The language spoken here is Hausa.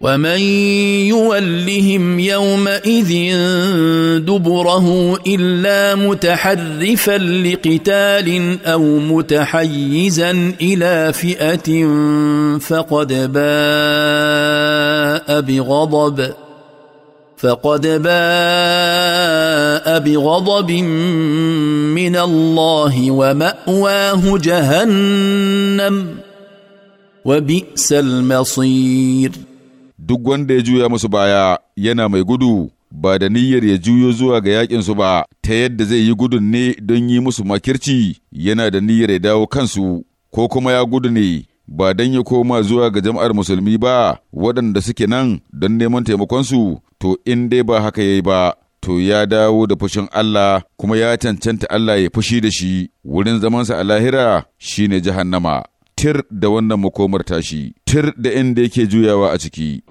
ومن يولهم يومئذ دبره الا متحرفا لقتال او متحيزا الى فئه فقد باء بغضب فقد باء بغضب من الله وماواه جهنم وبئس المصير duk wanda ya juya musu baya yana mai gudu ba da niyyar ya juyo zuwa ga yakin su ba ta yadda zai yi gudun ne don yi musu makirci yana da niyyar ya dawo kansu ko kuma ya gudu ne ba don ya koma zuwa ga jama'ar musulmi ba waɗanda suke nan don neman taimakonsu to in dai ba haka yayi ba to ya dawo da fushin Allah kuma ya cancanta Allah ya fushi da shi wurin zamansa a lahira shine jahannama. tir da wannan makomar tashi, tir da inda yake juyawa a ciki.